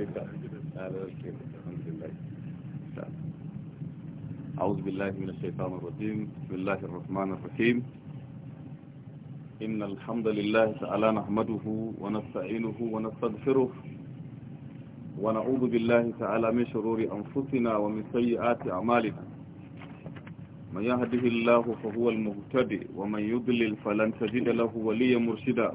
عليك الحمد لله أعوذ بالله من الشيطان الرجيم بسم الله الرحمن الرحيم إن الحمد لله تعالى نحمده ونستعينه ونستغفره ونعوذ بالله تعالى من شرور أنفسنا ومن سيئات أعمالنا من يهده الله فهو المهتدي ومن يضلل فلن تجد له وليا مرشدا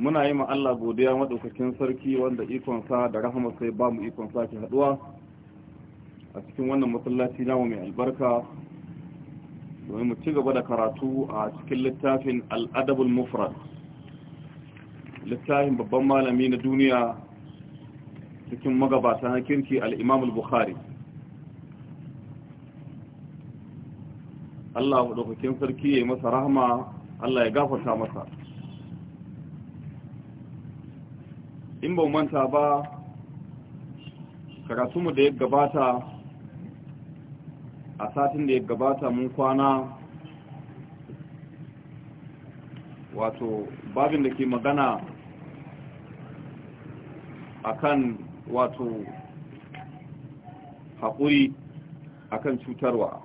muna yi ma Allah godiya maɗaukakin sarki wanda ikonsa da rahama sai ba mu ikon sake haɗuwa a cikin wannan masallaci namu mai albarka domin mu ci gaba da karatu a cikin littafin al'adabul mufrad littafin babban malami na duniya cikin magabata na kirki Al imamul bukhari Allah maɗaukakin sarki ya yi masa rahama Allah ya gafata masa in ba manta ba karatunmu da ya gabata a satin da ya gabata mun kwana wato babin da ke magana akan wato haƙuri akan cutarwa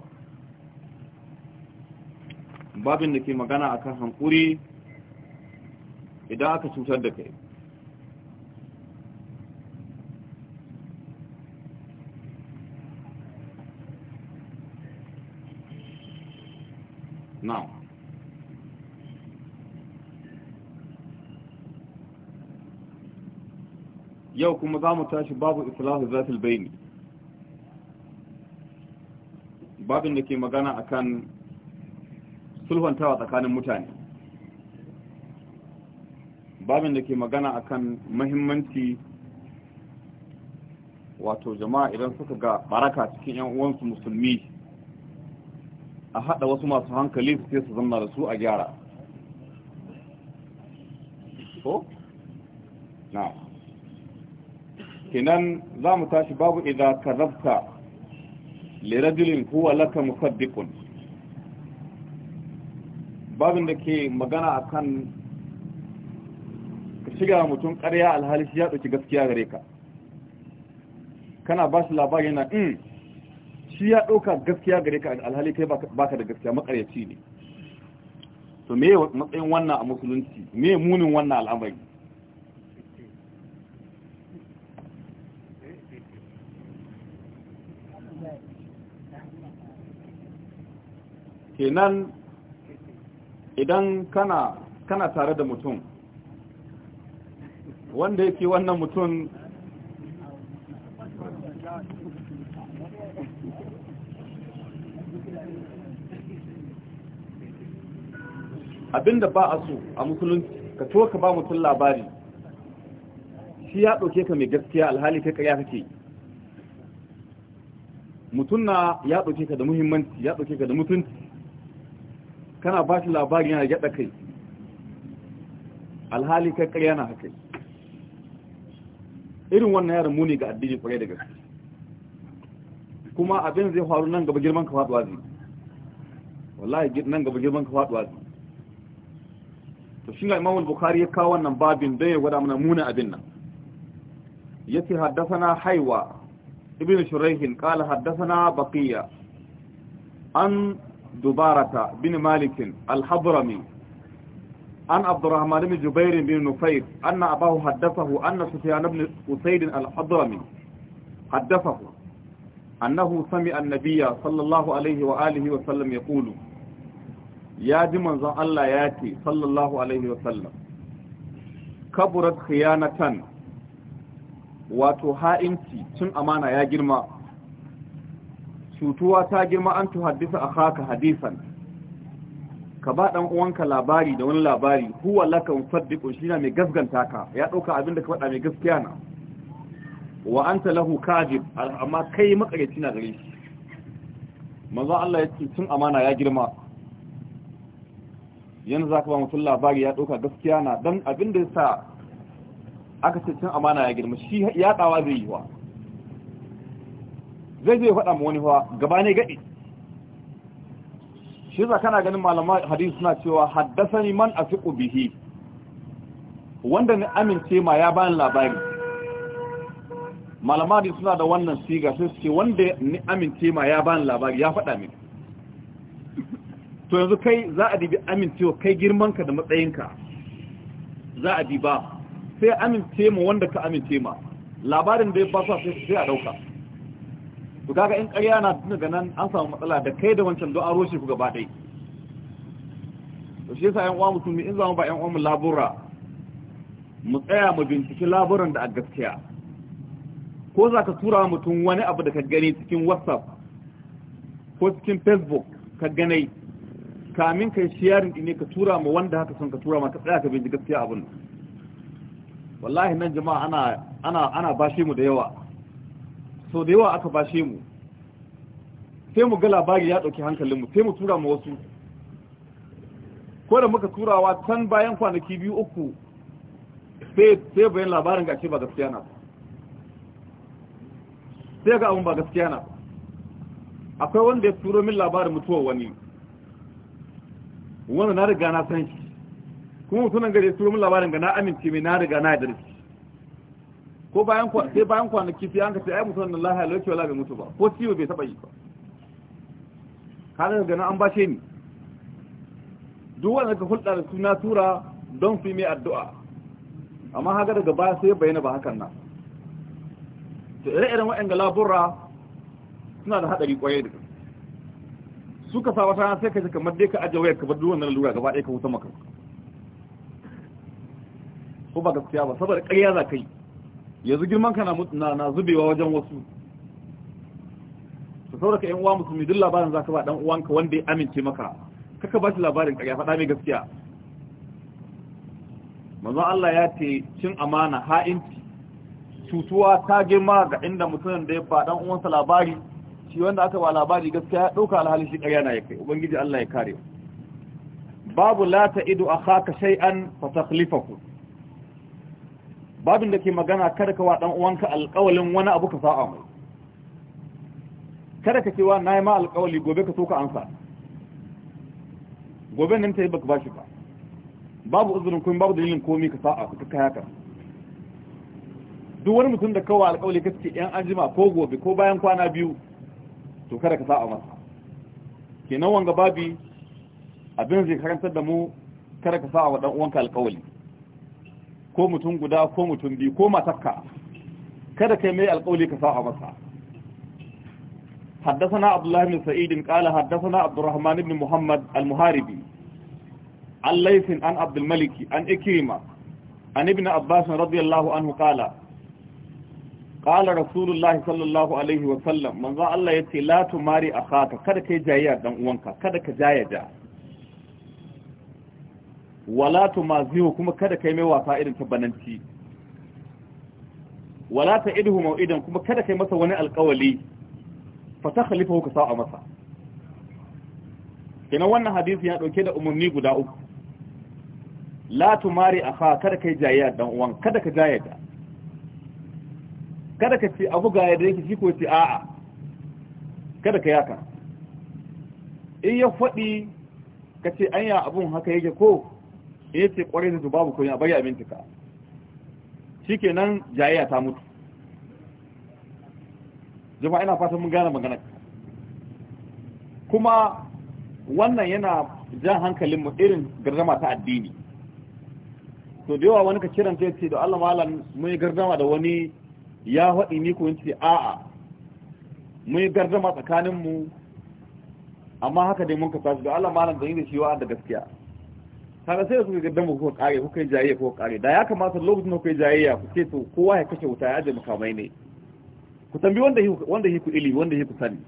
babin da ke magana akan haƙuri idan aka cutar da kai na'am yau kuma za mu tashi babu islahu bai ne babin da ke magana akan sulhuntawa tsakanin mutane babin da ke magana kan mahimmanci wato jama'a idan suka ga baraka cikin 'yan uwansu musulmi a haɗa wasu masu hankali su ce su zama da su a gyara ko? na kinan za mu tashi babu idan ka rabta lirajilin kuwa laka musaddikun babin da ke magana a kan ka shiga mutum ƙarya alhali ya ɗauki gaskiya gare ka kana ba shi labari na shi ya ɗauka gaskiya gare ka alhali kai baka da gaskiya makaryaci ne to me matsayin wannan a musulunci me munin wannan al'amari kenan idan kana tare da mutum wanda yake wannan mutum abinda ba a so a musulunci ka to ka ba mutum labari shi ya ɗauke ka mai gaskiya alhali kai ƙarya kake mutum na ya ɗauke ka da muhimmanci ya ɗauke ka da mutunci kana ba shi labari yana gyaɗa kai alhali kai ƙarya na haka irin wannan yaran muni ga addini kwarai da gaske kuma abin zai faru nan gaba girman ka faɗuwa zai wallahi nan gaba girman ka faɗuwa zai to shi ga imamul bukhari ya kawo wannan babin da ya gwada mana muna abin nan yace haddathana haiwa ibn shuraihin qala haddathana baqiya an dubarata bin malik al-hadrami an abdurrahman bin jubair bin nufayr anna abahu haddathahu anna sufyan ibn usayd al-hadrami haddathahu annahu sami'a an-nabiyya sallallahu alayhi wa alihi wa sallam yaqulu ya ji manzon Allah ya ce sallallahu alaihi wasallam kaburat khiyanatan wato ha'inci cin amana ya girma cutuwa ta girma an a haka hadisan ka ba dan uwanka labari da wani labari huwa laka mufaddiqun shine mai gasganta ka ya dauka abin da ka faɗa mai gaskiya na wa anta lahu kadib amma kai makareci na gare shi manzo Allah ya ce cin amana ya girma yanzu za ka ba mutum labari ya ɗauka gaskiya na don abin da ya sa aka ce amana ya girma shi ya ɗawa zai yi wa zai zai faɗa ma wani wa gaba ne gaɗi shi za kana ganin malaman hadisi suna cewa haddasa ni man a fi bihi wanda ni amince ma ya bayan labari malaman suna da wannan siga sai suke wanda ni amince ma ya bayan labari ya faɗa mini to yanzu kai za a dibi amincewa kai girmanka da matsayinka za a diba sai amince mu wanda ka amince ma labarin da ya ba sa sai a dauka to kaga in ƙarya na daga nan an samu matsala da kai da wancan don an roshe ku gaba ɗaya to shi yasa ƴan uwa musulmi in zamu ba ƴan uwa mu labura mu tsaya mu binciki laburan da a gaskiya ko za ka tura mutum wani abu da ka gani cikin whatsapp ko cikin facebook ka ganai kamin kai shi yarin ne ka tura ma wanda haka son ka tura ma ka tsaya ka bin gaskiya abin wallahi nan jama'a ana ana ana bashe mu da yawa so da yawa aka bashe mu sai mu ga labari ya dauki hankalin mu sai mu tura ma wasu ko da muka turawa can bayan kwanaki biyu uku sai sai bayan labarin ga ce ba gaskiya na sai ga abun ba gaskiya na akwai wanda ya turo min labarin mutuwar wani wanda na riga na san shi kuma mutunan gare su mun labarin ga na amince mai na riga na yadda shi ko bayan kwa sai bayan kwanaki sai an ka ce ai mutunan nan lahiya ya wala bai mutu ba ko ciwo bai taba yi ba kaga ga na an bashe ni duk wanda ka hulɗa da su na tura don su yi mai addu'a amma haka daga baya sai bayyana ba hakan nan to ire-iren waɗanda labura suna da haɗari ƙwaye da suka sa wata sai ka ji kamar dai ka ajiye wayar ka bar duk wannan lura gaba ɗaya ka wuta maka ko ba gaskiya ba saboda ƙarya za ka yi yanzu girman ka na zubewa wajen wasu su sauraka yan uwa musulmi duk labarin za ka ba dan uwanka wanda ya amince maka kaka ba shi labarin ƙarya faɗa mai gaskiya manzo Allah ya ce cin amana ha'inci cutuwa ta girma ga inda mutumin da ya ba dan uwansa labari shi wanda aka ba labari gaskiya ya ɗauka alhali shi ƙarya na ya kai ubangiji Allah ya kare babu la ta a haka sai an fataklifaku babin da ke magana kada ka wa ɗan uwanka alƙawalin wani abu ka sa'a mai kada ka ce wa na yi ma alƙawali gobe ka so ka ansa gobe nan ta yi baka bashi ba babu uzurin kun babu dalilin komi ka sa'a ka kaya ka duk wani mutum da kawai alƙawali ka ce yan anjima ko gobe ko bayan kwana biyu to kada ka sa'a masa kenan wanga babi abin zai karantar da mu kada ka sa'a wa dan uwanka alƙawali ko mutum guda ko mutum biyu ko matakka kada kai mai alƙawali ka sa'a masa حدثنا عبد الله بن سعيد قال حدثنا عبد الرحمن بن محمد المهاربي عن ليث عن عبد الملك عن إكرمة عن ابن عباس رضي الله عنه قال qala rasulullahi sallallahu alaihi wa sallam manzo Allah yace la tumari akhaka kada kai jayya dan uwanka kada ka jaya da wala tumazihu kuma kada kai mai wasa ta bananci wala ta idhu mau'idan kuma kada kai masa wani alƙawali fa ta khalifahu ka sa'a masa kenan wannan hadisi ya dauke da umarni guda uku la tumari akha kada kai jayya dan kada ka da kada ka ce abu ga yadda yake shi ko ce a'a kada ka yaka in ya faɗi ka ce an ya abun haka yake ko in ya ce ƙwarai da babu ko ya bayya ka shi jayayya ta mutu jama'a ina fatan mun gane magana kuma wannan yana jan hankalin mu irin gardama ta addini to da yawa wani ka kiranta ya ce da Allah malam mun yi gardama da wani ya faɗi ni kun ce a'a mun yi gardama tsakanin mu amma haka dai mun ka tashi da Allah malam da yi da shi wa'an da gaskiya kaga sai suka damu ko kare ko kai jayayya ko kare da ya kamata lokacin da kai jayayya ku ce to kowa ya kashe wuta ya aje makamai ne ku tambi wanda wanda ku ilimi wanda ku sani